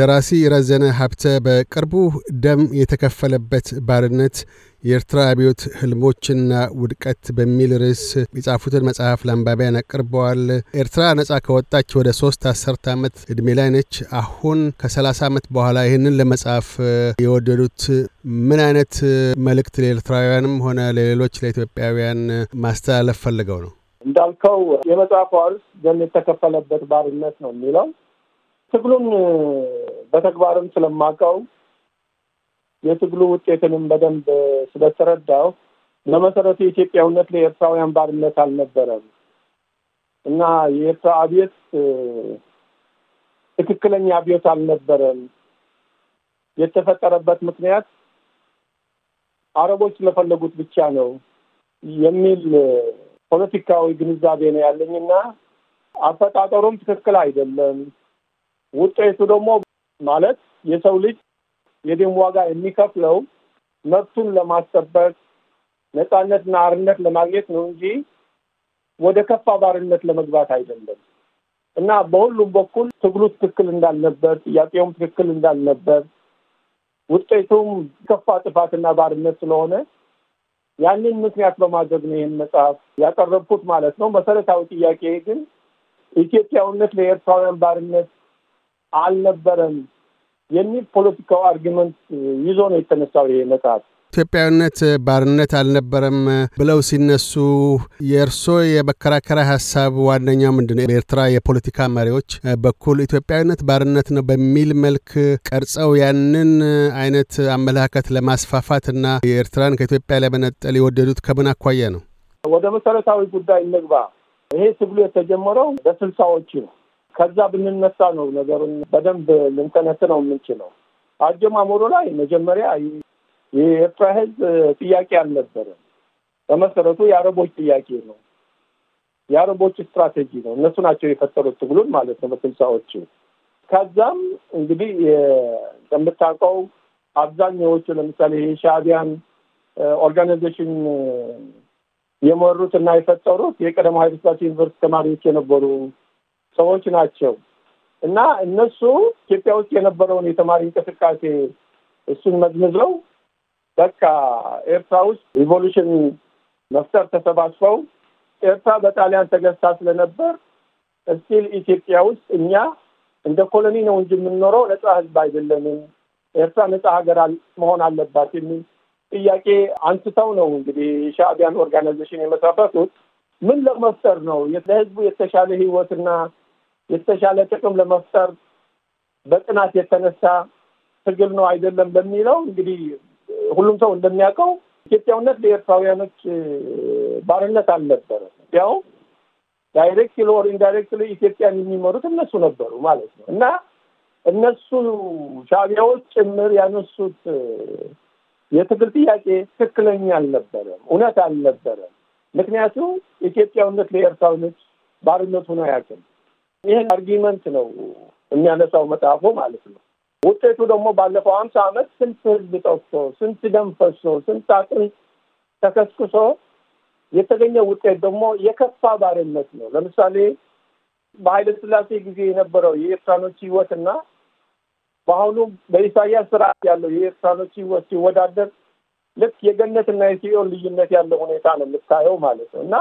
ደራሲ ረዘነ ሀብተ በቅርቡ ደም የተከፈለበት ባርነት የኤርትራ አብዮት ህልሞችና ውድቀት በሚል ርዕስ የጻፉትን መጽሐፍ ለአንባቢያን አቅርበዋል። ኤርትራ ነጻ ከወጣች ወደ ሶስት አስርት ዓመት እድሜ ላይ ነች። አሁን ከሰላሳ ዓመት በኋላ ይህንን ለመጻፍ የወደዱት ምን አይነት መልእክት ለኤርትራውያንም ሆነ ለሌሎች ለኢትዮጵያውያን ማስተላለፍ ፈልገው ነው? እንዳልከው የመጽሐፉ ርዕስ ደም የተከፈለበት ባርነት ነው የሚለው ትግሉን በተግባርም ስለማውቀው የትግሉ ውጤትንም በደንብ ስለተረዳው ለመሰረቱ የኢትዮጵያውነት ለኤርትራውያን ባርነት አልነበረም እና የኤርትራ አብዮት ትክክለኛ አብዮት አልነበረም። የተፈጠረበት ምክንያት አረቦች ስለፈለጉት ብቻ ነው የሚል ፖለቲካዊ ግንዛቤ ነው ያለኝ እና አፈጣጠሩም ትክክል አይደለም። ውጤቱ ደግሞ ማለት የሰው ልጅ የደም ዋጋ የሚከፍለው መብቱን ለማስጠበቅ ነፃነትና አርነት ለማግኘት ነው እንጂ ወደ ከፋ ባርነት ለመግባት አይደለም እና በሁሉም በኩል ትግሉ ትክክል እንዳልነበር፣ ጥያቄውም ትክክል እንዳልነበር፣ ውጤቱም ከፋ ጥፋትና ባርነት ስለሆነ ያንን ምክንያት በማድረግ ነው ይህን መጽሐፍ ያቀረብኩት ማለት ነው። መሰረታዊ ጥያቄ ግን ኢትዮጵያዊነት ለኤርትራውያን ባርነት አልነበረም የሚል ፖለቲካዊ አርጊመንት ይዞ ነው የተነሳው ይሄ መጽሐፍ። ኢትዮጵያዊነት ባርነት አልነበረም ብለው ሲነሱ የእርሶ የመከራከሪያ ሀሳብ ዋነኛው ምንድን ነው? በኤርትራ የፖለቲካ መሪዎች በኩል ኢትዮጵያዊነት ባርነት ነው በሚል መልክ ቀርጸው ያንን አይነት አመለካከት ለማስፋፋት እና የኤርትራን ከኢትዮጵያ ለመነጠል የወደዱት ከምን አኳያ ነው? ወደ መሰረታዊ ጉዳይ እንግባ። ይሄ ትግሉ የተጀመረው በስልሳዎች ነው። ከዛ ብንነሳ ነው ነገሩን በደንብ ልንተነትነው የምንችለው። አጀማመሩ ላይ መጀመሪያ የኤርትራ ህዝብ ጥያቄ አልነበረም። በመሰረቱ የአረቦች ጥያቄ ነው። የአረቦች ስትራቴጂ ነው። እነሱ ናቸው የፈጠሩት ትግሉን ማለት ነው በስልሳዎቹ። ከዛም እንግዲህ እንደምታውቀው አብዛኛዎቹ ለምሳሌ የሻዕቢያን ኦርጋናይዜሽን የመሩት እና የፈጠሩት የቀደሞ ኃይለ ዩኒቨርስቲ ዩኒቨርሲቲ ተማሪዎች የነበሩ ሰዎች ናቸው እና እነሱ ኢትዮጵያ ውስጥ የነበረውን የተማሪ እንቅስቃሴ እሱን መዝምዘው በቃ ኤርትራ ውስጥ ሪቮሉሽን መፍጠር ተሰባስበው ኤርትራ በጣሊያን ተገዝታ ስለነበር እስቲል ኢትዮጵያ ውስጥ እኛ እንደ ኮሎኒ ነው እንጂ የምንኖረው ነጻ ህዝብ አይደለንም፣ ኤርትራ ነጻ ሀገር መሆን አለባት የሚል ጥያቄ አንስተው ነው እንግዲህ የሻቢያን ኦርጋናይዜሽን የመሰረቱት። ምን ለመፍጠር ነው ለህዝቡ የተሻለ ህይወትና? የተሻለ ጥቅም ለመፍጠር በጥናት የተነሳ ትግል ነው አይደለም ለሚለው እንግዲህ ሁሉም ሰው እንደሚያውቀው ኢትዮጵያውነት ለኤርትራውያኖች ባርነት አልነበረም። ያው ዳይሬክትሊ ኦር ኢንዳይሬክትሊ ኢትዮጵያን የሚመሩት እነሱ ነበሩ ማለት ነው እና እነሱ ሻቢያዎች ጭምር ያነሱት የትግል ጥያቄ ትክክለኛ አልነበረም፣ እውነት አልነበረም። ምክንያቱም ኢትዮጵያውነት ለኤርትራውያኖች ባርነት ሆኖ አያውቅም። ይህን አርጊመንት ነው የሚያነሳው መጽሐፉ ማለት ነው። ውጤቱ ደግሞ ባለፈው አምሳ ዓመት ስንት ህዝብ ጠፍቶ ስንት ደም ፈሶ ስንት አጥን ተከስክሶ የተገኘ ውጤት ደግሞ የከፋ ባርነት ነው። ለምሳሌ በኃይለ ሥላሴ ጊዜ የነበረው የኤርትራኖች እና በአሁኑ በኢሳያስ ስርዓት ያለው የኤርትራኖች ህይወት ሲወዳደር ልክ የገነትና የሲኦል ልዩነት ያለው ሁኔታ ነው የምታየው ማለት ነው። እና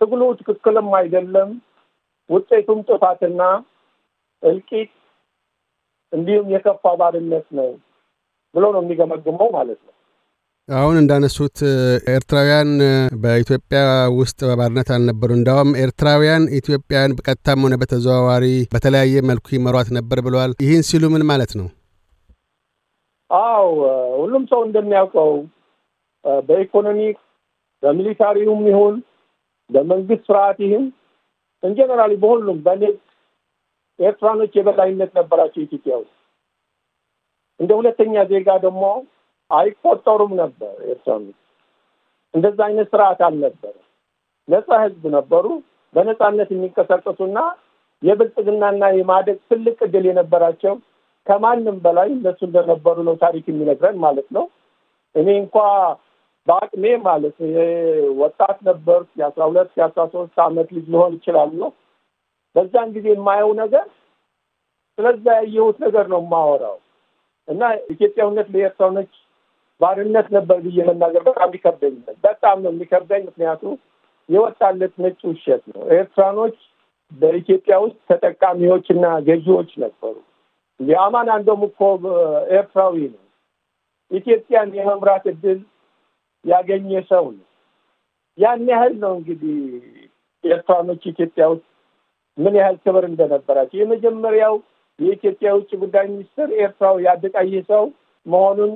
ትግሉ ትክክልም አይደለም ውጤቱም ጥፋትና እልቂት እንዲሁም የከፋ ባርነት ነው ብሎ ነው የሚገመግመው ማለት ነው። አሁን እንዳነሱት ኤርትራውያን በኢትዮጵያ ውስጥ በባርነት አልነበሩ። እንዳውም ኤርትራውያን ኢትዮጵያውያን በቀጥታም ሆነ በተዘዋዋሪ በተለያየ መልኩ ይመሯት ነበር ብለዋል። ይህን ሲሉ ምን ማለት ነው? አው ሁሉም ሰው እንደሚያውቀው በኢኮኖሚ በሚሊታሪውም ይሁን በመንግስት ስርዓት ይህም እንጀነራሊ በሁሉም በንግድ ኤርትራኖች የበላይነት ነበራቸው ኢትዮጵያ ውስጥ። እንደ ሁለተኛ ዜጋ ደግሞ አይቆጠሩም ነበር ኤርትራኖች። እንደዛ አይነት ስርዓት አልነበረ። ነፃ ህዝብ ነበሩ፣ በነፃነት የሚንቀሳቀሱና የብልጽግናና የማደግ ትልቅ እድል የነበራቸው ከማንም በላይ እነሱ እንደነበሩ ነው ታሪክ የሚነግረን ማለት ነው። እኔ እንኳ በአቅሜ ማለት ወጣት ነበር። የአስራ ሁለት የአስራ ሶስት አመት ልጅ ሊሆን ነው በዛን ጊዜ የማየው ነገር ስለዛ ያየሁት ነገር ነው የማወራው እና ኢትዮጵያዊነት ለኤርትራኖች ባርነት ነበር ብዬ መናገር በጣም ሊከብደኝ በጣም ነው የሚከብደኝ። ምክንያቱ የወጣለት ነጭ ውሸት ነው። ኤርትራኖች በኢትዮጵያ ውስጥ ተጠቃሚዎች እና ገዢዎች ነበሩ። የአማን አንዶም እኮ ኤርትራዊ ነው። ኢትዮጵያን የመምራት እድል ያገኘ ሰው ነው። ያን ያህል ነው እንግዲህ ኤርትራኖች ኢትዮጵያ ውስጥ ምን ያህል ክብር እንደነበራቸው የመጀመሪያው የኢትዮጵያ የውጭ ጉዳይ ሚኒስትር ኤርትራው ያደቃየ ሰው መሆኑን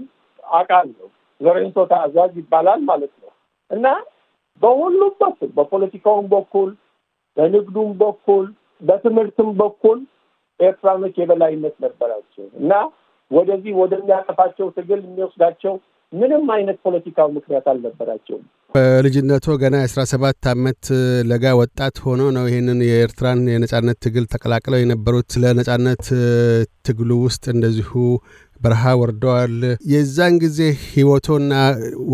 አውቃለሁ። ሎሬንሶ ታዕዛዝ ይባላል ማለት ነው እና በሁሉም በኩል በፖለቲካውም በኩል በንግዱም በኩል በትምህርትም በኩል ኤርትራኖች የበላይነት ነበራቸው እና ወደዚህ ወደሚያጠፋቸው ትግል የሚወስዳቸው ምንም አይነት ፖለቲካዊ ምክንያት አልነበራቸውም። በልጅነቱ ገና የአስራ ሰባት ዓመት ለጋ ወጣት ሆኖ ነው ይህንን የኤርትራን የነጻነት ትግል ተቀላቅለው የነበሩት። ለነጻነት ትግሉ ውስጥ እንደዚሁ በረሃ ወርደዋል። የዛን ጊዜ ህይወቶና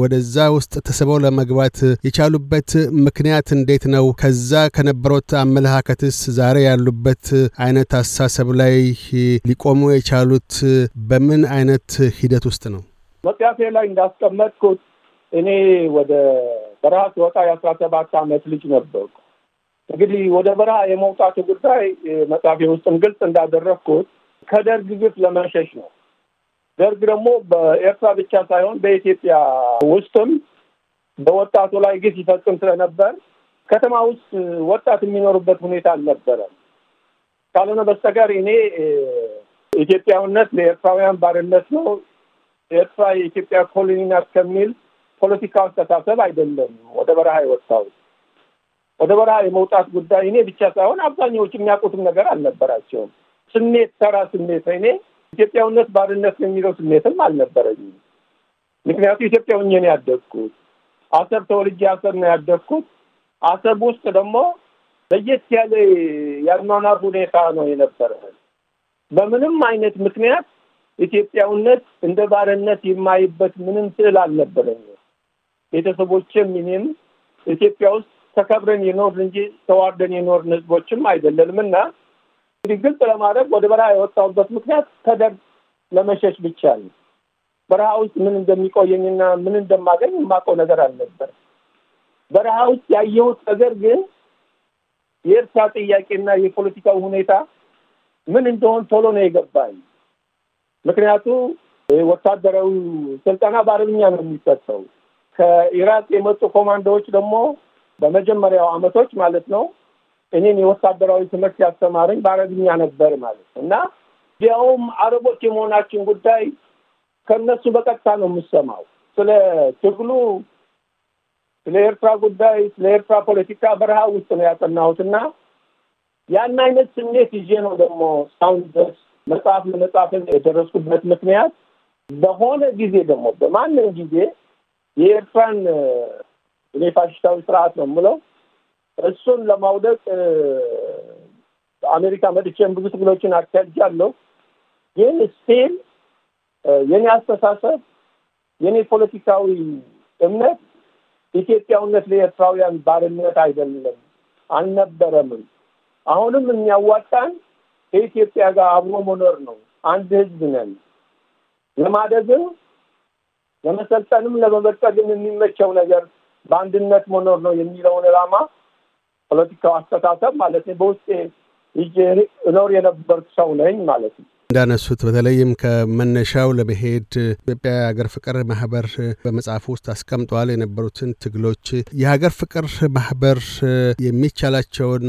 ወደዛ ውስጥ ተስበው ለመግባት የቻሉበት ምክንያት እንዴት ነው? ከዛ ከነበሩት አመለካከትስ ዛሬ ያሉበት አይነት አስተሳሰብ ላይ ሊቆሙ የቻሉት በምን አይነት ሂደት ውስጥ ነው? መጽሐፌ ላይ እንዳስቀመጥኩት እኔ ወደ በረሃ ስወጣ የአስራ ሰባት አመት ልጅ ነበርኩ። እንግዲህ ወደ በረሃ የመውጣቱ ጉዳይ መጽሐፌ ውስጥም ግልጽ እንዳደረግኩት ከደርግ ግፍ ለመሸሽ ነው። ደርግ ደግሞ በኤርትራ ብቻ ሳይሆን በኢትዮጵያ ውስጥም በወጣቱ ላይ ግፍ ይፈጽም ስለነበር ከተማ ውስጥ ወጣት የሚኖርበት ሁኔታ አልነበረም። ካልሆነ በስተቀር እኔ ኢትዮጵያዊነት ለኤርትራውያን ባርነት ነው ኤርትራ የኢትዮጵያ ኮሎኒ ናት ከሚል ፖለቲካ አስተሳሰብ አይደለም ወደ በረሃ የወጣው። ወደ በረሃ የመውጣት ጉዳይ እኔ ብቻ ሳይሆን አብዛኛዎች የሚያውቁትም ነገር አልነበራቸውም። ስሜት፣ ተራ ስሜት እኔ ኢትዮጵያውነት ባርነት የሚለው ስሜትም አልነበረኝም። ምክንያቱም ኢትዮጵያ ሁኜ ነው ያደግኩት። አሰብ ተወልጄ አሰብ ነው ያደግኩት። አሰብ ውስጥ ደግሞ ለየት ያለ የአኗኗር ሁኔታ ነው የነበረ። በምንም አይነት ምክንያት ኢትዮጵያውነት እንደ ባርነት የማይበት ምንም ስዕል አልነበረኝ። ቤተሰቦችም እኔም ኢትዮጵያ ውስጥ ተከብረን የኖርን እንጂ ተዋርደን የኖርን ህዝቦችም አይደለንም እና እንግዲህ ግልጽ ለማድረግ ወደ በረሃ የወጣሁበት ምክንያት ከደርግ ለመሸሽ ብቻ ነው። በረሃ ውስጥ ምን እንደሚቆየኝና ምን እንደማገኝ የማውቀው ነገር አልነበር። በረሃ ውስጥ ያየሁት ነገር ግን የእርሳ ጥያቄና የፖለቲካው ሁኔታ ምን እንደሆን ቶሎ ነው የገባኝ። ምክንያቱ ወታደራዊ ስልጠና በአረብኛ ነው የሚሰጠው። ከኢራቅ የመጡ ኮማንዶዎች ደግሞ በመጀመሪያው አመቶች ማለት ነው እኔን የወታደራዊ ትምህርት ያስተማረኝ በአረብኛ ነበር ማለት ነው እና እንዲያውም አረቦች የመሆናችን ጉዳይ ከነሱ በቀጥታ ነው የምሰማው። ስለ ትግሉ፣ ስለ ኤርትራ ጉዳይ፣ ስለ ኤርትራ ፖለቲካ በረሃ ውስጥ ነው ያጠናሁት እና ያን አይነት ስሜት ይዤ ነው ደግሞ እስካሁን መጽሐፍ ለመጽሐፍ የደረስኩበት ምክንያት በሆነ ጊዜ ደግሞ በማንም ጊዜ የኤርትራን እኔ ፋሽስታዊ ስርዓት ነው የምለው እሱን ለማውደቅ አሜሪካ መጥቼም ብዙ ትግሎችን አካሂጃለሁ። ግን ስቲል የኔ አስተሳሰብ የኔ ፖለቲካዊ እምነት ኢትዮጵያውነት ለኤርትራውያን ባርነት አይደለም አልነበረምም። አሁንም የሚያዋጣን ከኢትዮጵያ ጋር አብሮ መኖር ነው። አንድ ህዝብ ነን። ለማደግም ለመሰልጠንም ለመበልጸግም የሚመቸው ነገር በአንድነት መኖር ነው የሚለውን ዓላማ ፖለቲካው አስተሳሰብ ማለት በውስጤ ኖር እኖር የነበርኩ ሰው ነኝ ማለት ነው። እንዳነሱት በተለይም ከመነሻው ለመሄድ ኢትዮጵያ የሀገር ፍቅር ማህበር በመጽሐፉ ውስጥ አስቀምጠዋል የነበሩትን ትግሎች የሀገር ፍቅር ማህበር የሚቻላቸውን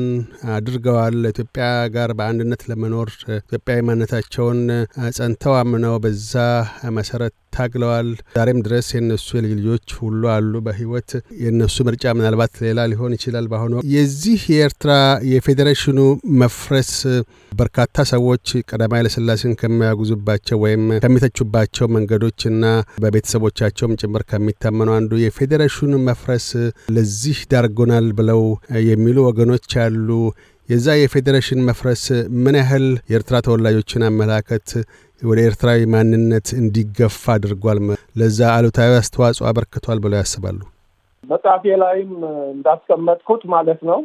አድርገዋል። ኢትዮጵያ ጋር በአንድነት ለመኖር ኢትዮጵያዊ ማነታቸውን ጸንተው አምነው በዛ መሰረት ታግለዋል። ዛሬም ድረስ የነሱ የልጅ ልጆች ሁሉ አሉ በህይወት። የነሱ ምርጫ ምናልባት ሌላ ሊሆን ይችላል። በአሁኑ የዚህ የኤርትራ የፌዴሬሽኑ መፍረስ በርካታ ሰዎች ቀዳማዊ ኃይለሥላሴን ከሚያጉዙባቸው ወይም ከሚተቹባቸው መንገዶች እና በቤተሰቦቻቸውም ጭምር ከሚታመኑ አንዱ የፌዴሬሽኑ መፍረስ ለዚህ ዳርጎናል ብለው የሚሉ ወገኖች አሉ። የዛ የፌዴሬሽን መፍረስ ምን ያህል የኤርትራ ተወላጆችን አመላከት ወደ ኤርትራዊ ማንነት እንዲገፋ አድርጓል? ለዛ አሉታዊ አስተዋጽኦ አበርክቷል ብለው ያስባሉ? መጽሐፌ ላይም እንዳስቀመጥኩት ማለት ነው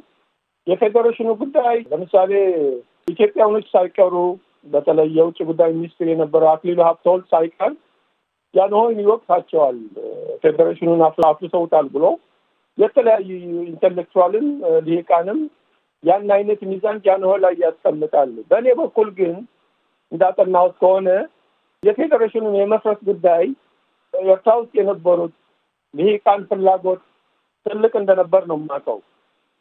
የፌዴሬሽኑ ጉዳይ ለምሳሌ ኢትዮጵያውኖች ሳይቀሩ በተለይ የውጭ ጉዳይ ሚኒስትር የነበረው አክሊሉ ሀብተወልድ ሳይቀር ጃንሆይን ይወቅሳቸዋል። ፌዴሬሽኑን አፍርሰውታል ብሎ የተለያዩ ኢንቴሌክቹዋልም ሊቃንም ያን አይነት ሚዛን ጃንሆ ላይ ያስቀምጣሉ። በእኔ በኩል ግን እንዳጠናሁት ከሆነ የፌዴሬሽኑን የመፍረስ ጉዳይ ኤርትራ ውስጥ የነበሩት ልሂቃን ፍላጎት ትልቅ እንደነበር ነው የማውቀው።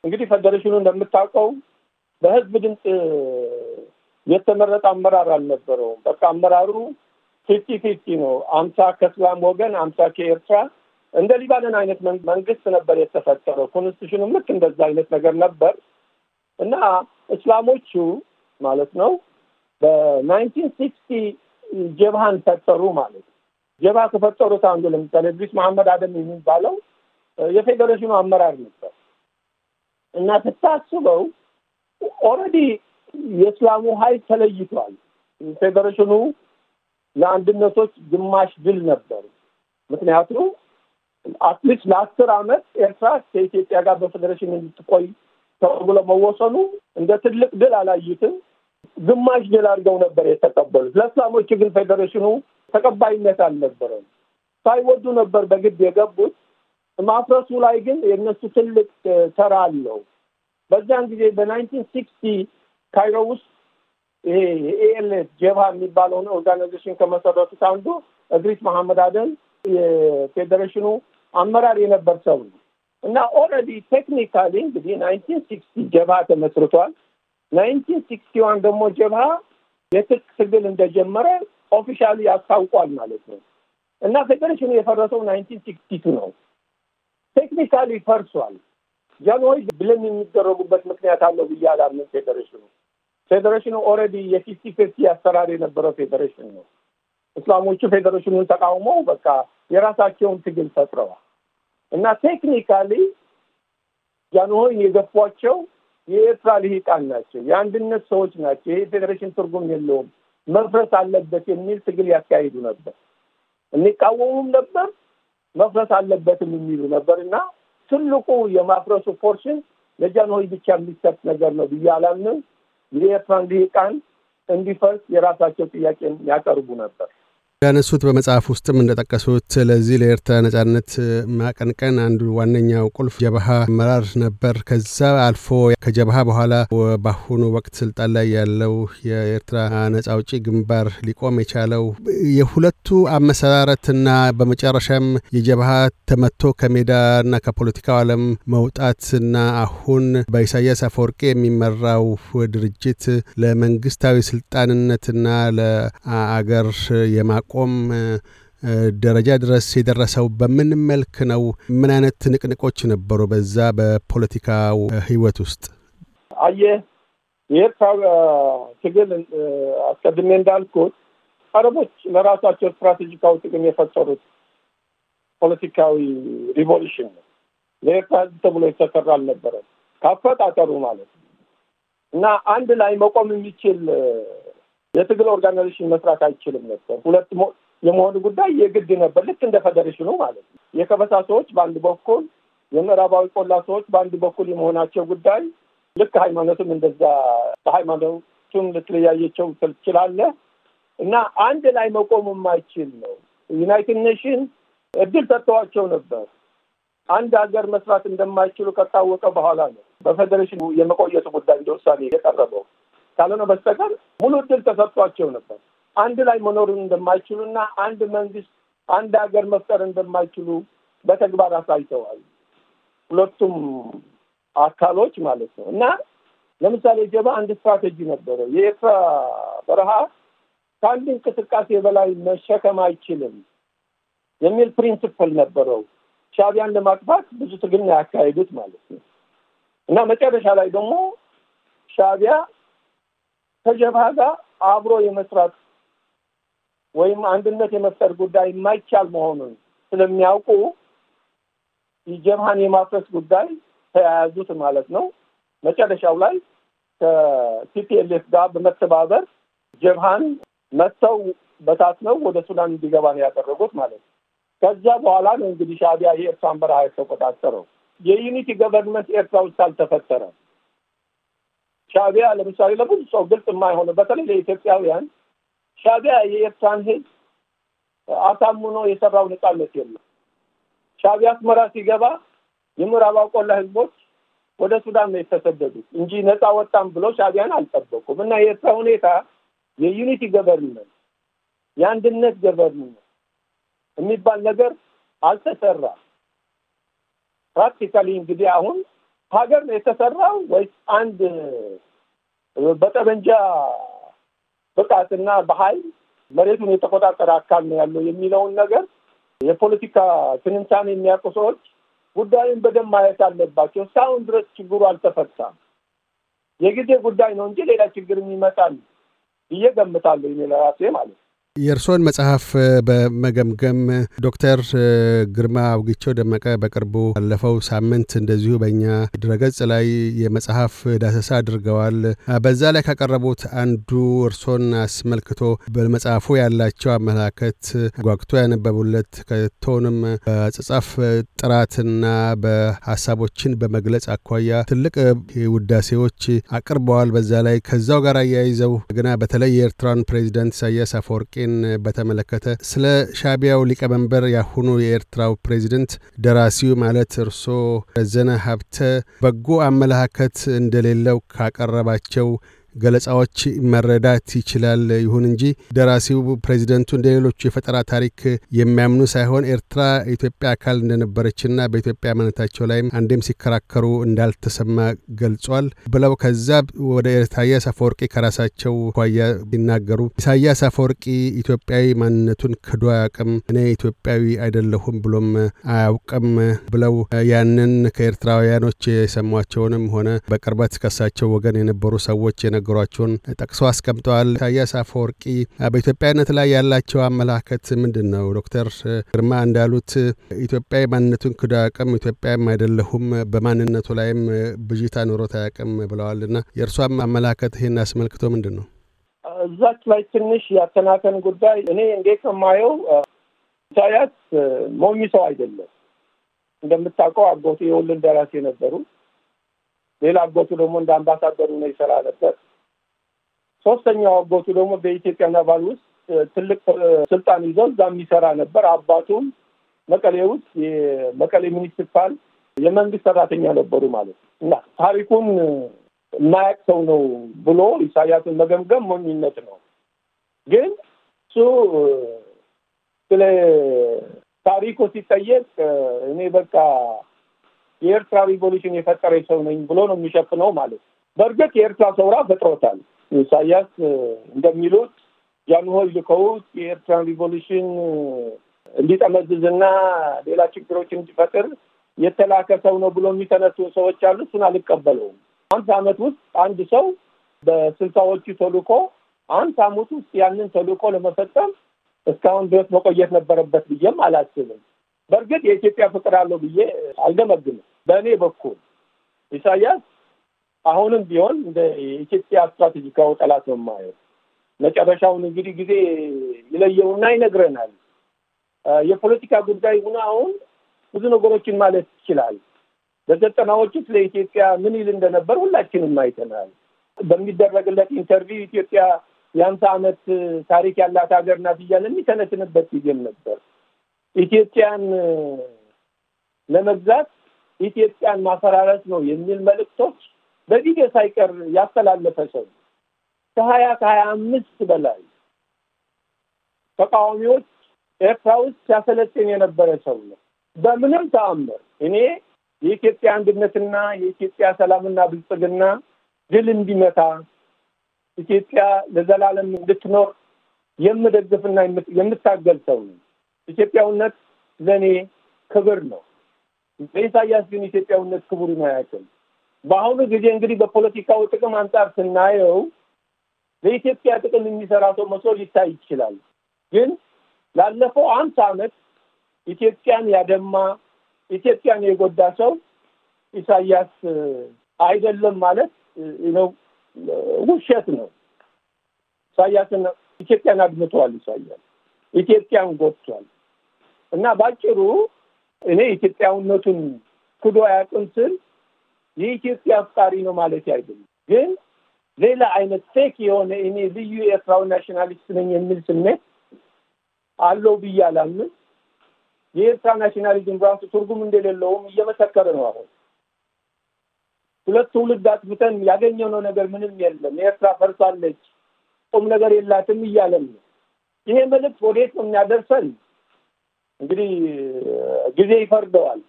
እንግዲህ ፌዴሬሽኑ እንደምታውቀው በህዝብ ድምፅ የተመረጠ አመራር አልነበረውም። በቃ አመራሩ ፊፍቲ ፊፍቲ ነው። አምሳ ከእስላም ወገን፣ አምሳ ከኤርትራ። እንደ ሊባለን አይነት መንግስት ነበር የተፈጠረው። ኮንስቲቱሽኑ ልክ እንደዛ አይነት ነገር ነበር። እና እስላሞቹ ማለት ነው በናይንቲን ሲክስቲ ጀብሃን ፈጠሩ ማለት ነው። ጀብሃ ከፈጠሩት አንዱ ለምሳሌ እድሪስ መሐመድ አደም የሚባለው የፌዴሬሽኑ አመራር ነበር እና ስታስበው ኦረዲ የእስላሙ ሀይል ተለይቷል። ፌዴሬሽኑ ለአንድነቶች ግማሽ ድል ነበር። ምክንያቱም አትሊስት ለአስር አመት ኤርትራ ከኢትዮጵያ ጋር በፌዴሬሽን እንድትቆይ ተብሎ መወሰኑ እንደ ትልቅ ድል አላዩትም። ግማሽ ድል አድርገው ነበር የተቀበሉት። ለእስላሞች ግን ፌዴሬሽኑ ተቀባይነት አልነበረም። ሳይወዱ ነበር በግድ የገቡት። ማፍረሱ ላይ ግን የእነሱ ትልቅ ተራ አለው። በዚያን ጊዜ በናይንቲን ሲክስቲ ካይሮ ውስጥ ይሄ የኤኤልኤስ ጀብሃ ነው ኦርጋናይዜሽን ከመሰረቱት አንዱ እድሪስ መሐመድ አደን የፌዴሬሽኑ አመራር የነበር ሰው ነው። እና ኦልሬዲ ቴክኒካሊ እንግዲህ ናይንቲን ሲክስቲ ጀብሃ ተመስርቷል። ናይንቲን ሲክስቲ ዋን ደግሞ ጀብሃ የትጥቅ ትግል እንደጀመረ ኦፊሻሊ ያስታውቋል ማለት ነው እና ፌዴሬሽኑ የፈረሰው ናይንቲን ሲክስቲ ቱ ነው። ቴክኒካሊ ፈርሷል። ጃንዋሪ ብለን የሚደረጉበት ምክንያት አለው ብዬ አላምን። ፌዴሬሽኑ ፌዴሬሽኑ ኦልሬዲ የፊፍቲ ፊፍቲ አሰራር የነበረው ፌዴሬሽን ነው። እስላሞቹ ፌዴሬሽኑን ተቃውመው በቃ የራሳቸውን ትግል ፈጥረዋል። እና ቴክኒካሊ ጃንሆይን የገፏቸው የኤርትራ ልሂቃን ናቸው፣ የአንድነት ሰዎች ናቸው። ይሄ ፌዴሬሽን ትርጉም የለውም መፍረስ አለበት የሚል ትግል ያካሂዱ ነበር። እሚቃወሙም ነበር፣ መፍረስ አለበትም የሚሉ ነበር እና ትልቁ የማፍረሱ ፖርሽን ለጃንሆይ ብቻ የሚሰጥ ነገር ነው ብዬ አላምንም። የኤርትራን ልሂቃን እንዲፈርስ የራሳቸው ጥያቄ ያቀርቡ ነበር። ያነሱት በመጽሐፍ ውስጥም እንደጠቀሱት ለዚህ ለኤርትራ ነጻነት ማቀንቀን አንዱ ዋነኛው ቁልፍ ጀብሃ አመራር ነበር። ከዛ አልፎ ከጀብሃ በኋላ በአሁኑ ወቅት ስልጣን ላይ ያለው የኤርትራ ነጻ አውጪ ግንባር ሊቆም የቻለው የሁለቱ አመሰራረትና በመጨረሻም የጀብሃ ተመቶ ከሜዳና ከፖለቲካው ዓለም መውጣትና አሁን በኢሳያስ አፈወርቂ የሚመራው ድርጅት ለመንግስታዊ ስልጣንነትና ለአገር የማ መቆም ደረጃ ድረስ የደረሰው በምን መልክ ነው? ምን አይነት ንቅንቆች ነበሩ በዛ በፖለቲካው ህይወት ውስጥ? አየህ የኤርትራ ትግል አስቀድሜ እንዳልኩት አረቦች ለራሳቸው ስትራቴጂካዊ ጥቅም የፈጠሩት ፖለቲካዊ ሪቮሉሽን ነው። ለኤርትራ ህዝብ ተብሎ የተሰራ አልነበረም፣ ካፈጣጠሩ ማለት ነው። እና አንድ ላይ መቆም የሚችል የትግል ኦርጋናይዜሽን መስራት አይችልም ነበር። ሁለት የመሆኑ ጉዳይ የግድ ነበር። ልክ እንደ ፌዴሬሽኑ ማለት ነው። የከበሳ ሰዎች በአንድ በኩል፣ የምዕራባዊ ቆላ ሰዎች በአንድ በኩል የመሆናቸው ጉዳይ ልክ ሃይማኖትም እንደዛ በሃይማኖቱም ልትለያየቸው ትችላለህ እና አንድ ላይ መቆሙ የማይችል ነው። ዩናይትድ ኔሽን እድል ሰጥተዋቸው ነበር። አንድ ሀገር መስራት እንደማይችሉ ከታወቀ በኋላ ነው በፌዴሬሽን የመቆየቱ ጉዳይ እንደ ውሳኔ የቀረበው። ካልሆነ በስተቀር ሙሉ እድል ተሰጥቷቸው ነበር። አንድ ላይ መኖር እንደማይችሉ እና አንድ መንግስት፣ አንድ ሀገር መፍጠር እንደማይችሉ በተግባር አሳይተዋል። ሁለቱም አካሎች ማለት ነው እና ለምሳሌ ጀባ አንድ ስትራቴጂ ነበረ። የኤርትራ በረሃ ከአንድ እንቅስቃሴ በላይ መሸከም አይችልም የሚል ፕሪንስፕል ነበረው። ሻቢያን ለማጥፋት ብዙ ትግል ያካሄዱት ማለት ነው እና መጨረሻ ላይ ደግሞ ሻቢያ ከጀብሃ ጋር አብሮ የመስራት ወይም አንድነት የመፍጠር ጉዳይ የማይቻል መሆኑን ስለሚያውቁ የጀብሃን የማፍረስ ጉዳይ ተያያዙት ማለት ነው። መጨረሻው ላይ ከሲፒኤልኤፍ ጋር በመተባበር ጀብሃን መጥተው በታትነው ወደ ሱዳን እንዲገባ ነው ያደረጉት ማለት ነው። ከዚያ በኋላ ነው እንግዲህ ሻቢያ የኤርትራን በረሃ የተቆጣጠረው። የዩኒቲ ገቨርንመንት ኤርትራ ውስጥ አልተፈጠረም። ሻቢያ ለምሳሌ ለብዙ ሰው ግልጽ የማይሆነ በተለይ ለኢትዮጵያውያን ሻቢያ የኤርትራን ህዝብ አሳምኖ የሰራው ነጻነት የለም። ሻቢያ አስመራ ሲገባ የምዕራብ አውቆላ ህዝቦች ወደ ሱዳን ነው የተሰደዱት እንጂ ነጻ ወጣም ብሎ ሻቢያን አልጠበቁም። እና የኤርትራ ሁኔታ የዩኒቲ ገቨርንመንት የአንድነት ገቨርንመንት የሚባል ነገር አልተሰራ። ፕራክቲካሊ እንግዲህ አሁን ሀገር ነው የተሰራው ወይስ አንድ በጠመንጃ ብቃትና በኃይል መሬቱን የተቆጣጠረ አካል ነው ያለው የሚለውን ነገር የፖለቲካ ትንንሳን የሚያውቁ ሰዎች ጉዳዩን በደንብ ማየት አለባቸው። እስካሁን ድረስ ችግሩ አልተፈታም። የጊዜ ጉዳይ ነው እንጂ ሌላ ችግር የሚመጣል ብዬ ገምታለሁ። ለራሴ ማለት ነው። የእርስዎን መጽሐፍ በመገምገም ዶክተር ግርማ አውግቸው ደመቀ በቅርቡ ባለፈው ሳምንት እንደዚሁ በእኛ ድረገጽ ላይ የመጽሐፍ ዳሰሳ አድርገዋል። በዛ ላይ ካቀረቡት አንዱ እርሶን አስመልክቶ በመጽሐፉ ያላቸው አመላከት ጓግቶ ያነበቡለት ከቶንም በጽጻፍ ጥራትና በሀሳቦችን በመግለጽ አኳያ ትልቅ ውዳሴዎች አቅርበዋል። በዛ ላይ ከዛው ጋር አያይዘው ግና በተለይ የኤርትራን ፕሬዚደንት ኢሳያስ አፈወርቄ ጉባኤን በተመለከተ ስለ ሻቢያው ሊቀመንበር ያሁኑ የኤርትራው ፕሬዚደንት ደራሲው ማለት እርሶ ዘነ ሀብተ በጎ አመለካከት እንደሌለው ካቀረባቸው ገለጻዎች መረዳት ይችላል። ይሁን እንጂ ደራሲው ፕሬዚደንቱ እንደ ሌሎቹ የፈጠራ ታሪክ የሚያምኑ ሳይሆን ኤርትራ የኢትዮጵያ አካል እንደነበረችና በኢትዮጵያ ማንነታቸው ላይም አንዴም ሲከራከሩ እንዳልተሰማ ገልጿል ብለው ከዛ ወደ ኢሳያስ አፈወርቂ ከራሳቸው ኳያ ይናገሩ። ኢሳያስ አፈወርቂ ኢትዮጵያዊ ማንነቱን ክዶ አያውቅም፣ እኔ ኢትዮጵያዊ አይደለሁም ብሎም አያውቅም ብለው ያንን ከኤርትራውያኖች የሰሟቸውንም ሆነ በቅርበት ከሳቸው ወገን የነበሩ ሰዎች የነገሯቸውን ጠቅሰው አስቀምጠዋል። ኢሳያስ አፈወርቂ በኢትዮጵያነት ላይ ያላቸው አመላከት ምንድን ነው? ዶክተር ግርማ እንዳሉት ኢትዮጵያ ማንነቱን ክዶ አያውቅም፣ ኢትዮጵያም አይደለሁም፣ በማንነቱ ላይም ብዥታ ኑሮት አያውቅም ብለዋል እና የእርሷም አመላከት ይህን አስመልክቶ ምንድን ነው? እዛች ላይ ትንሽ ያተናተን ጉዳይ እኔ እንዴት የማየው ኢሳያስ ሞኝ ሰው አይደለም። እንደምታውቀው አጎቱ የወልን ደራሲ ነበሩ። ሌላ አጎቱ ደግሞ እንደ አምባሳደሩ ነው ይሰራ ነበር። ሶስተኛው አጎቱ ደግሞ በኢትዮጵያ ነባል ውስጥ ትልቅ ስልጣን ይዞ እዛ የሚሰራ ነበር። አባቱም መቀሌ ውስጥ የመቀሌ ሚኒስፓል የመንግስት ሰራተኛ ነበሩ ማለት ነው እና ታሪኩን የማያውቅ ሰው ነው ብሎ ኢሳያስን መገምገም ሞኝነት ነው። ግን እሱ ስለ ታሪኩ ሲጠየቅ እኔ በቃ የኤርትራ ሪቮሉሽን የፈጠረ ሰው ነኝ ብሎ ነው የሚሸፍነው ማለት ነው። በእርግጥ የኤርትራ ሰውራ ፈጥሮታል። ኢሳያስ እንደሚሉት ጃንሆይ ልከውት የኤርትራን ሪቮሉሽን እንዲጠመዝዝና ሌላ ችግሮች እንዲፈጥር የተላከ ሰው ነው ብሎ የሚተነሱ ሰዎች አሉ። እሱን አልቀበለውም። አምሳ ዓመት ውስጥ አንድ ሰው በስልሳዎቹ ተልኮ አንድ ሳሙት ውስጥ ያንን ተልኮ ለመፈጸም እስካሁን ድረስ መቆየት ነበረበት ብዬም አላስብም። በእርግጥ የኢትዮጵያ ፍቅር አለው ብዬ አልገመግምም። በእኔ በኩል ኢሳያስ አሁንም ቢሆን እንደ ኢትዮጵያ ስትራቴጂካዊ ጠላት ነው የማየው። መጨረሻውን እንግዲህ ጊዜ ይለየውና ይነግረናል። የፖለቲካ ጉዳይ ሁና አሁን ብዙ ነገሮችን ማለት ይችላል። በዘጠናዎች ስለ ኢትዮጵያ ምን ይል እንደነበር ሁላችንም አይተናል። በሚደረግለት ኢንተርቪው ኢትዮጵያ የአምሳ ዓመት ታሪክ ያላት ሀገር ናት እያለ የሚተነትንበት ጊዜም ነበር። ኢትዮጵያን ለመግዛት ኢትዮጵያን ማፈራረስ ነው የሚል መልእክቶች በቪዲዮ ሳይቀር ያስተላለፈ ሰው ከሀያ ከሀያ አምስት በላይ ተቃዋሚዎች ኤርትራ ውስጥ ሲያሰለጥን የነበረ ሰው ነው። በምንም ተአምር እኔ የኢትዮጵያ አንድነትና የኢትዮጵያ ሰላምና ብልጽግና ድል እንዲመታ ኢትዮጵያ ለዘላለም እንድትኖር የምደግፍና የምታገል ሰው ነው። ኢትዮጵያውነት ለእኔ ክብር ነው። ለኢሳያስ ግን ኢትዮጵያውነት ክቡር ነው አያውቅም። በአሁኑ ጊዜ እንግዲህ በፖለቲካው ጥቅም አንጻር ስናየው ለኢትዮጵያ ጥቅም የሚሰራ ሰው መስሎ ሊታይ ይችላል። ግን ላለፈው አምስ ዓመት ኢትዮጵያን ያደማ ኢትዮጵያን የጎዳ ሰው ኢሳያስ አይደለም ማለት ነው፣ ውሸት ነው። ኢሳያስን ኢትዮጵያን አድምተዋል። ኢሳያስ ኢትዮጵያን ጎድቷል። እና ባጭሩ እኔ ኢትዮጵያዊነቱን ክዶ አያውቅም ስል የኢትዮጵያ አፍቃሪ ነው ማለት አይደለም። ግን ሌላ አይነት ፌክ የሆነ እኔ ልዩ ኤርትራዊ ናሽናሊስት ነኝ የሚል ስሜት አለው ብዬ አላምን። የኤርትራ ናሽናሊዝም ራሱ ትርጉም እንደሌለውም እየመሰከረ ነው። አሁን ሁለት ትውልድ አጥፍተን ያገኘነው ነገር ምንም የለም፣ ኤርትራ ፈርሳለች፣ ቁም ነገር የላትም እያለም ነው። ይሄ መልዕክት ወዴት ነው የሚያደርሰን? እንግዲህ ጊዜ ይፈርደዋል።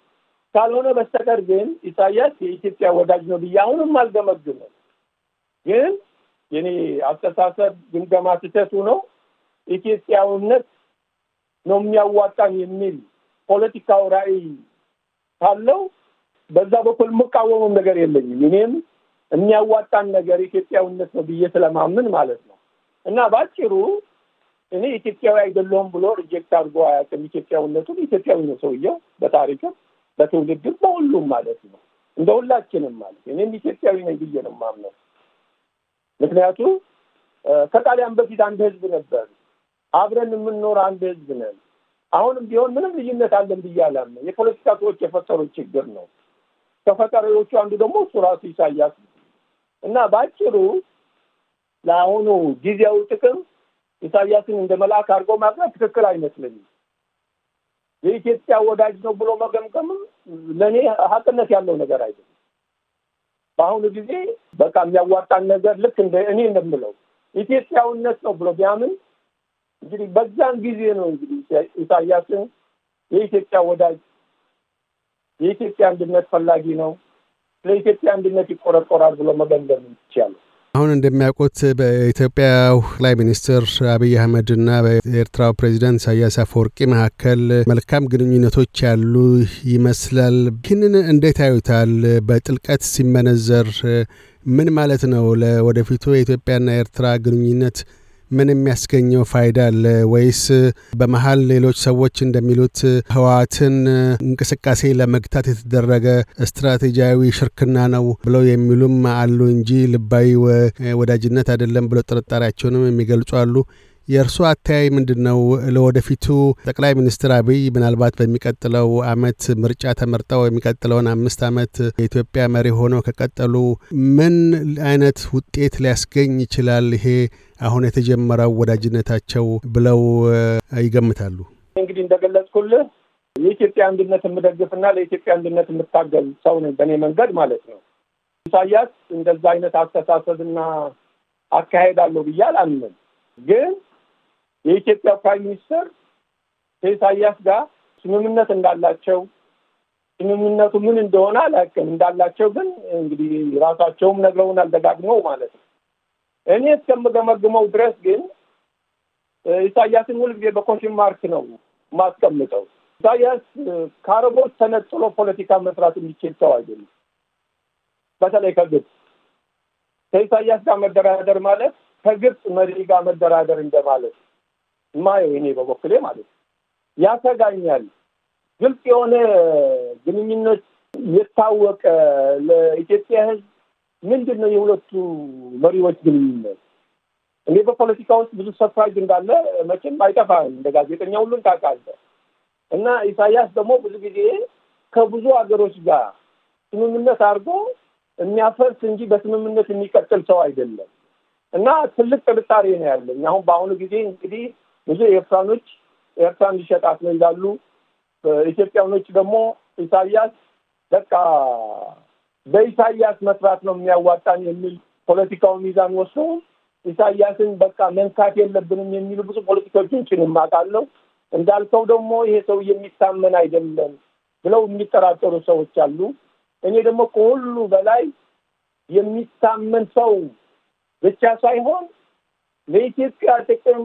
ካልሆነ በስተቀር ግን ኢሳያስ የኢትዮጵያ ወዳጅ ነው ብዬ አሁንም አልገመግምም። ግን የኔ አስተሳሰብ ግምገማ ስህተቱ ነው። ኢትዮጵያዊነት ነው የሚያዋጣን የሚል ፖለቲካው ራዕይ ካለው በዛ በኩል የምቃወመም ነገር የለኝም። እኔም የሚያዋጣን ነገር ኢትዮጵያዊነት ነው ብዬ ስለማምን ማለት ነው እና በአጭሩ እኔ ኢትዮጵያዊ አይደለሁም ብሎ ሪጀክት አድርጎ አያውቅም ኢትዮጵያዊነቱን። ኢትዮጵያዊ ነው ሰውየው በታሪክም በትውልድም በሁሉም ማለት ነው። እንደ ሁላችንም ማለት እኔም ኢትዮጵያዊ ነኝ ብዬ ነው የማምነው። ምክንያቱም ከጣሊያን በፊት አንድ ህዝብ ነበር። አብረን የምንኖር አንድ ህዝብ ነን። አሁንም ቢሆን ምንም ልዩነት አለን ብዬ አላምነው። የፖለቲካ ሰዎች የፈጠሩት ችግር ነው። ከፈጠሪዎቹ አንዱ ደግሞ እሱ ራሱ ኢሳያስ እና በአጭሩ ለአሁኑ ጊዜያዊ ጥቅም ኢሳያስን እንደ መልአክ አድርጎ ማቅረብ ትክክል አይመስለኝም። የኢትዮጵያ ወዳጅ ነው ብሎ መገምገምም ለእኔ ሀቅነት ያለው ነገር አይደለም። በአሁኑ ጊዜ በቃ የሚያዋጣን ነገር ልክ እንደ እኔ እንደምለው ኢትዮጵያዊነት ነው ብሎ ቢያምን እንግዲህ በዛን ጊዜ ነው እንግዲህ ኢሳያስን የኢትዮጵያ ወዳጅ የኢትዮጵያ አንድነት ፈላጊ ነው፣ ለኢትዮጵያ አንድነት ይቆረቆራል ብሎ መገምገም ይቻላል። አሁን እንደሚያውቁት በኢትዮጵያ ጠቅላይ ሚኒስትር አብይ አህመድና በኤርትራው ፕሬዚዳንት ኢሳያስ አፈወርቂ መካከል መልካም ግንኙነቶች ያሉ ይመስላል። ይህንን እንዴት ያዩታል? በጥልቀት ሲመነዘር ምን ማለት ነው? ለወደፊቱ የኢትዮጵያና ኤርትራ ግንኙነት ምን የሚያስገኘው ፋይዳ አለ ወይስ በመሀል ሌሎች ሰዎች እንደሚሉት ህወሓትን እንቅስቃሴ ለመግታት የተደረገ ስትራቴጂያዊ ሽርክና ነው ብለው የሚሉም አሉ እንጂ ልባዊ ወዳጅነት አይደለም ብለው ጥርጣሬያቸውንም የሚገልጹ አሉ። የእርሱ አተያይ ምንድን ነው? ለወደፊቱ ጠቅላይ ሚኒስትር አብይ ምናልባት በሚቀጥለው አመት ምርጫ ተመርጠው የሚቀጥለውን አምስት አመት የኢትዮጵያ መሪ ሆነው ከቀጠሉ ምን አይነት ውጤት ሊያስገኝ ይችላል ይሄ አሁን የተጀመረው ወዳጅነታቸው ብለው ይገምታሉ? እንግዲህ እንደገለጽኩልህ የኢትዮጵያ አንድነት የምደግፍና ለኢትዮጵያ አንድነት የምታገል ሰው ነኝ፣ በእኔ መንገድ ማለት ነው። ኢሳያስ እንደዛ አይነት አስተሳሰብና አካሄድ አለው ብዬ አላምንም ግን የኢትዮጵያ ፕራይም ሚኒስትር ከኢሳያስ ጋር ስምምነት እንዳላቸው ስምምነቱ ምን እንደሆነ አላውቅም። እንዳላቸው ግን እንግዲህ ራሳቸውም ነግረውናል ደጋግመው ማለት ነው። እኔ እስከምገመግመው ድረስ ግን ኢሳያስን ሁልጊዜ በኮሽን ማርክ ነው የማስቀምጠው። ኢሳያስ ከአረቦች ተነጥሎ ፖለቲካ መስራት የሚችል ሰው አይደለም። በተለይ ከግብፅ ከኢሳያስ ጋር መደራደር ማለት ከግብፅ መሪ ጋር መደራደር እንደማለት ማየው እኔ በበኩሌ ማለት ነው ያሰጋኛል። ግልጽ የሆነ ግንኙነት የታወቀ ለኢትዮጵያ ሕዝብ ምንድን ነው የሁለቱ መሪዎች ግንኙነት? እኔ በፖለቲካ ውስጥ ብዙ ሰፍራጅ እንዳለ መቼም አይጠፋም። እንደ ጋዜጠኛ ሁሉን ታውቃለህ። እና ኢሳያስ ደግሞ ብዙ ጊዜ ከብዙ ሀገሮች ጋር ስምምነት አድርጎ የሚያፈርስ እንጂ በስምምነት የሚቀጥል ሰው አይደለም። እና ትልቅ ጥርጣሬ ነው ያለኝ አሁን በአሁኑ ጊዜ እንግዲህ ብዙ ኤርትራኖች ኤርትራን ሊሸጣት ነው ይላሉ። ኢትዮጵያኖች ደግሞ ኢሳያስ በቃ በኢሳያስ መስራት ነው የሚያዋጣን የሚል ፖለቲካው ሚዛን ወስደው ኢሳያስን በቃ መንካት የለብንም የሚሉ ብዙ ፖለቲከኞችን የማውቃለሁ። እንዳልከው ደግሞ ይሄ ሰው የሚታመን አይደለም ብለው የሚጠራጠሩ ሰዎች አሉ። እኔ ደግሞ ከሁሉ በላይ የሚታመን ሰው ብቻ ሳይሆን ለኢትዮጵያ ጥቅም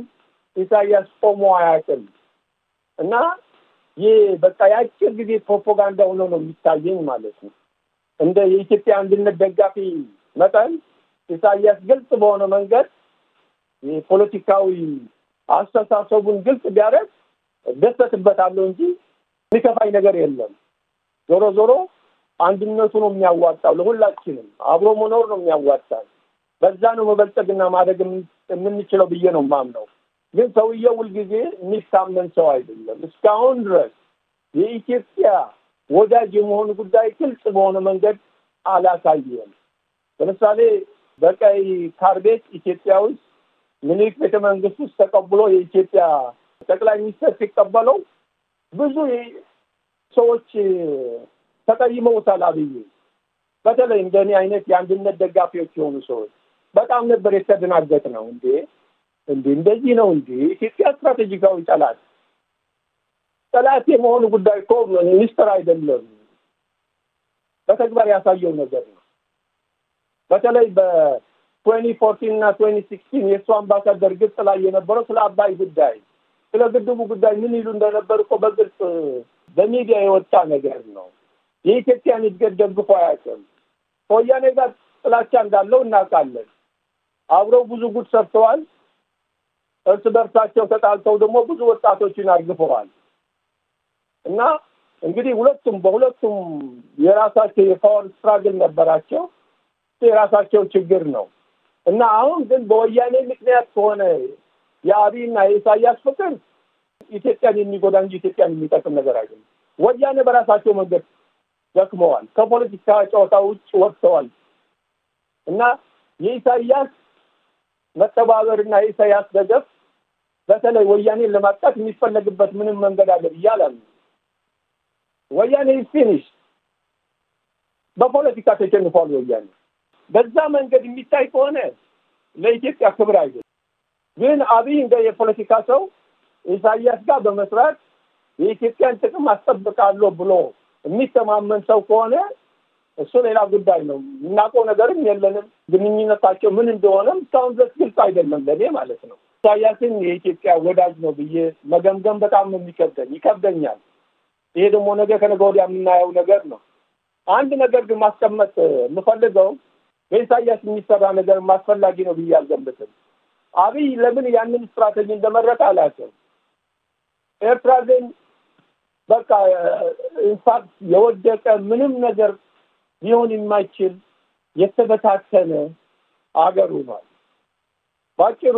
ኢሳያስ ቆሞ አያውቅም እና ይህ በቃ የአጭር ጊዜ ፕሮፓጋንዳ ሆኖ ነው የሚታየኝ ማለት ነው። እንደ የኢትዮጵያ አንድነት ደጋፊ መጠን ኢሳያስ ግልጽ በሆነ መንገድ የፖለቲካዊ አስተሳሰቡን ግልጽ ቢያደርግ ደሰትበታለሁ እንጂ የሚከፋኝ ነገር የለም። ዞሮ ዞሮ አንድነቱ ነው የሚያዋጣው። ለሁላችንም አብሮ መኖር ነው የሚያዋጣል። በዛ ነው መበልጸግና ማደግ የምንችለው ብዬ ነው ማምነው። ግን ሰውየው ሁልጊዜ የሚታመን ሰው አይደለም። እስካሁን ድረስ የኢትዮጵያ ወዳጅ የመሆኑ ጉዳይ ግልጽ በሆነ መንገድ አላሳየም። ለምሳሌ በቀይ ካርቤት ኢትዮጵያ ውስጥ ሚኒክ ቤተ መንግስት ውስጥ ተቀብሎ የኢትዮጵያ ጠቅላይ ሚኒስትር ሲቀበለው ብዙ ሰዎች ተቀይመውታል። አብይ በተለይ እንደኔ አይነት የአንድነት ደጋፊዎች የሆኑ ሰዎች በጣም ነበር የተደናገጥ ነው እንዴ እንዲ እንደዚህ ነው። እንዲ ኢትዮጵያ ስትራቴጂካዊ ጠላት ጠላት የመሆኑ ጉዳይ እኮ ሚስጥር አይደለም። በተግባር ያሳየው ነገር ነው። በተለይ በትዌንቲ ፎርቲን እና ትዌንቲ ሲክስቲን የእሱ አምባሳደር ግብጽ ላይ የነበረው ስለ አባይ ጉዳይ፣ ስለ ግድቡ ጉዳይ ምን ይሉ እንደነበር እኮ በግልጽ በሚዲያ የወጣ ነገር ነው። የኢትዮጵያን እድገት ደግፎ አያውቅም። ከወያኔ ጋር ጥላቻ እንዳለው እናውቃለን። አብረው ብዙ ጉድ ሰርተዋል። እርስ በርሳቸው ተጣልተው ደግሞ ብዙ ወጣቶችን አርግፈዋል። እና እንግዲህ ሁለቱም በሁለቱም የራሳቸው የፓወር ስትራግል ነበራቸው። የራሳቸው ችግር ነው እና አሁን ግን በወያኔ ምክንያት ከሆነ የአብይና የኢሳያስ ፍቅር ኢትዮጵያን የሚጎዳ እንጂ ኢትዮጵያን የሚጠቅም ነገር አይደለም። ወያኔ በራሳቸው መንገድ ደክመዋል። ከፖለቲካ ጨዋታ ውጭ ወጥተዋል እና የኢሳያስ መጠባበርና የኢሳያስ ደገፍ በተለይ ወያኔን ለማጥቃት የሚፈለግበት ምንም መንገድ አለ ብዬ ወያኔ ፊኒሽ በፖለቲካ ተሸንፏል። ወያኔ በዛ መንገድ የሚታይ ከሆነ ለኢትዮጵያ ክብር አይደለም። ግን አብይ እንደ የፖለቲካ ሰው ኢሳያስ ጋር በመስራት የኢትዮጵያን ጥቅም አስጠብቃለሁ ብሎ የሚተማመን ሰው ከሆነ እሱ ሌላ ጉዳይ ነው። የምናውቀው ነገርም የለንም። ግንኙነታቸው ምን እንደሆነም እስካሁን ድረስ ግልጽ አይደለም ለእኔ ማለት ነው። ኢሳያስን የኢትዮጵያ ወዳጅ ነው ብዬ መገምገም በጣም ነው የሚከብደኝ፣ ይከብደኛል። ይሄ ደግሞ ነገ ከነገ ወዲያ የምናየው ነገር ነው። አንድ ነገር ግን ማስቀመጥ የምፈልገው በኢሳያስ የሚሰራ ነገር አስፈላጊ ነው ብዬ አልገምትም። አብይ ለምን ያንን ስትራቴጂ እንደመረጠ አላቸው። ኤርትራ ግን በቃ ኢንፋክት የወደቀ ምንም ነገር ሊሆን የማይችል የተበታተነ አገር ሆኗል። ባጭሩ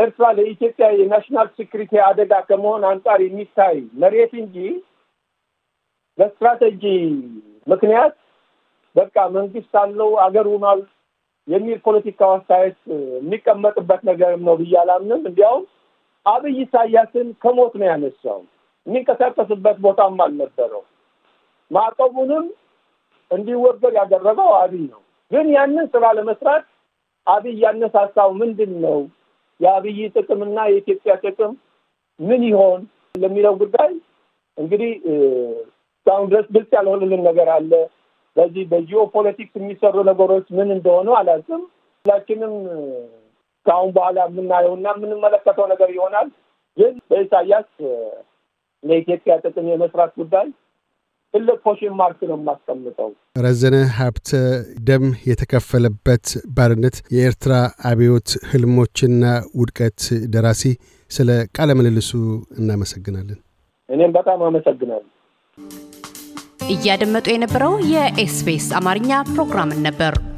ኤርትራ ለኢትዮጵያ የናሽናል ሴኩሪቲ አደጋ ከመሆን አንጻር የሚታይ መሬት እንጂ በስትራቴጂ ምክንያት በቃ መንግስት አለው አገር ሆኗል የሚል ፖለቲካው አስተያየት የሚቀመጥበት ነገርም ነው ብዬ አላምንም። እንዲያውም አብይ ኢሳያስን ከሞት ነው ያነሳው። የሚንቀሳቀስበት ቦታም አልነበረው። ማዕቀቡንም እንዲወገድ ያደረገው አብይ ነው። ግን ያንን ስራ ለመስራት አብይ ያነሳሳው ምንድን ነው የአብይ ጥቅምና የኢትዮጵያ ጥቅም ምን ይሆን ለሚለው ጉዳይ እንግዲህ እስካሁን ድረስ ግልጽ ያልሆነልን ነገር አለ። በዚህ በጂኦፖለቲክስ የሚሰሩ ነገሮች ምን እንደሆኑ አላውቅም። ሁላችንም ከአሁን በኋላ የምናየውና የምንመለከተው ነገር ይሆናል። ግን በኢሳያስ ለኢትዮጵያ ጥቅም የመስራት ጉዳይ ትልቅ ኮሽን ማርክ ነው የማስቀምጠው። ረዘነ ሀብተ ደም የተከፈለበት ባርነት የኤርትራ አብዮት ህልሞችና ውድቀት ደራሲ፣ ስለ ቃለ ምልልሱ እናመሰግናለን። እኔም በጣም አመሰግናለሁ። እያደመጡ የነበረው የኤስቢኤስ አማርኛ ፕሮግራምን ነበር።